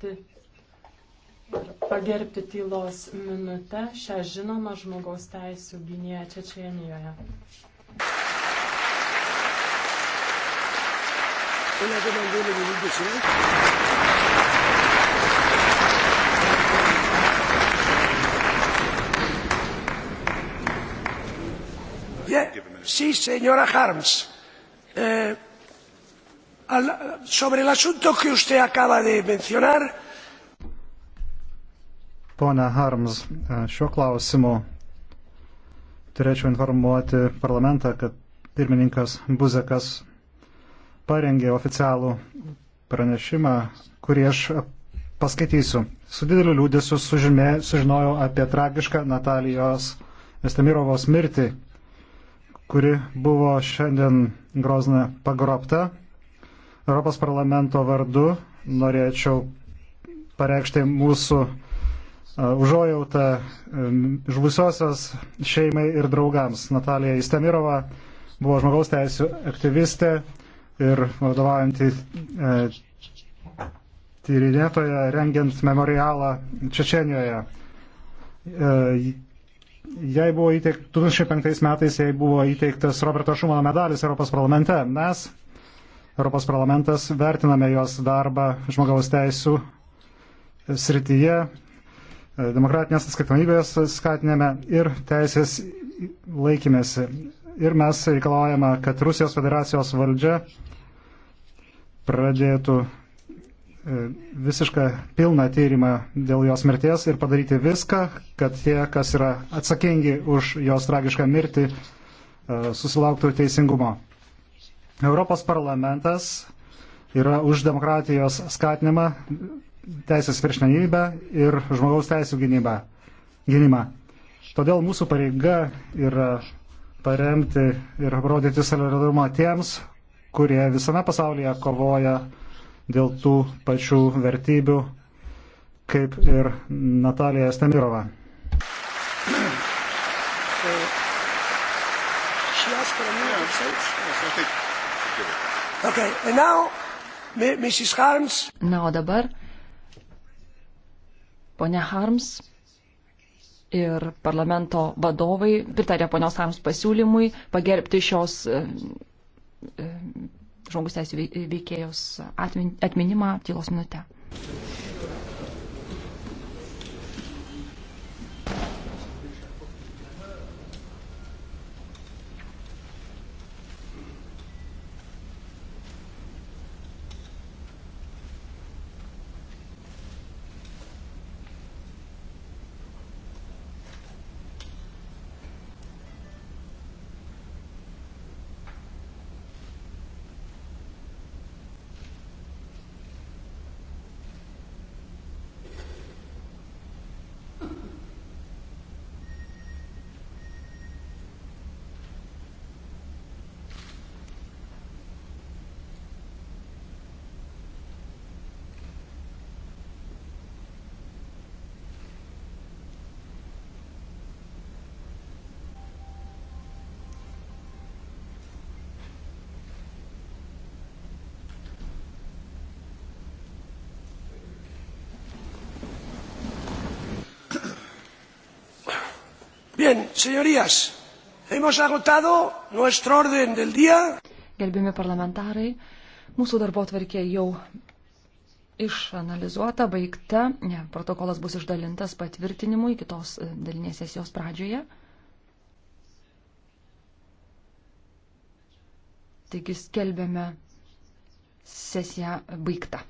gerbti ir pagerbti tylos minutę šią žinomą žmogaus teisų gynėją Čečienijoje. On a demandé le minute de silence. Sí, señora Harms. Eh, al, sobre el asunto que usted acaba de mencionar. Pone Harms, e, šiuo klausimu turėčiau informuoti parlamentą, kad pirmininkas Buzekas parengė oficialų pranešimą, kurį aš paskaitysiu. Su dideliu liūdėsiu sužinojau apie tragišką Natalijos Estemirovos mirtį, kuri buvo šiandien grozna pagrobta Europos parlamento vardu norėčiau pareikšti mūsų e, užuojautą e, žuvusiosios šeimai ir draugams. Natalija Istemirova buvo žmogaus teisų aktyvistė ir vadovaujanti e, tyrinėtoja rengiant memorialą Čečenijoje. E, jai buvo įteikt, 2005 metais jai buvo įteiktas Roberto Šumano medalis Europos parlamente. Mes Europos parlamentas, vertiname jos darbą žmogaus teisų srityje, demokratinės atskaitomybės skatinėme ir teisės laikymėsi. Ir mes reikalaujame, kad Rusijos federacijos valdžia pradėtų e, visišką pilną tyrimą dėl jos mirties ir padaryti viską, kad tie, kas yra atsakingi už jos tragišką mirtį, e, susilauktų teisingumo. Europos parlamentas yra už demokratijos skatinimą, teisės viršnenybę ir žmogaus teisų gynybą, gynimą. Todėl mūsų pareiga yra paremti ir rodyti solidarumą tiems, kurie visame pasaulyje kovoja dėl tų pačių vertybių, kaip ir Natalija Stemirova. She asked for a new outside. Yes, I think. Okay, and now, Mrs. Harms. Na, o dabar ponia Harms ir parlamento vadovai pritarė ponios Harms pasiūlymui pagerbti šios e, e, žmogus teisų veikėjos atminimą tylos minutę. Bien, señorías, hemos agotado nuestro orden del día. Gerbiami parlamentarai, mūsų darbo tvarkė jau išanalizuota, baigta, ne, protokolas bus išdalintas patvirtinimui kitos e, dalinės sesijos pradžioje. Taigi skelbėme sesiją baigtą.